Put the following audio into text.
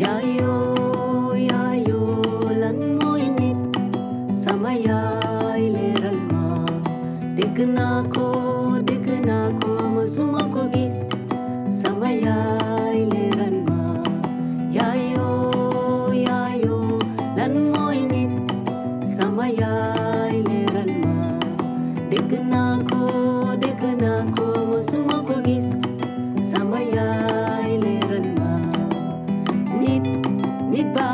Yayoo, yayoo, lan mooy nit sama yaay leeral ma naa ko dégg naa ko mësuma ko gis sama yaay leeral ma yayoo, yayoo, lan mooy nit sama yaay leeral ma naa ko niet bang.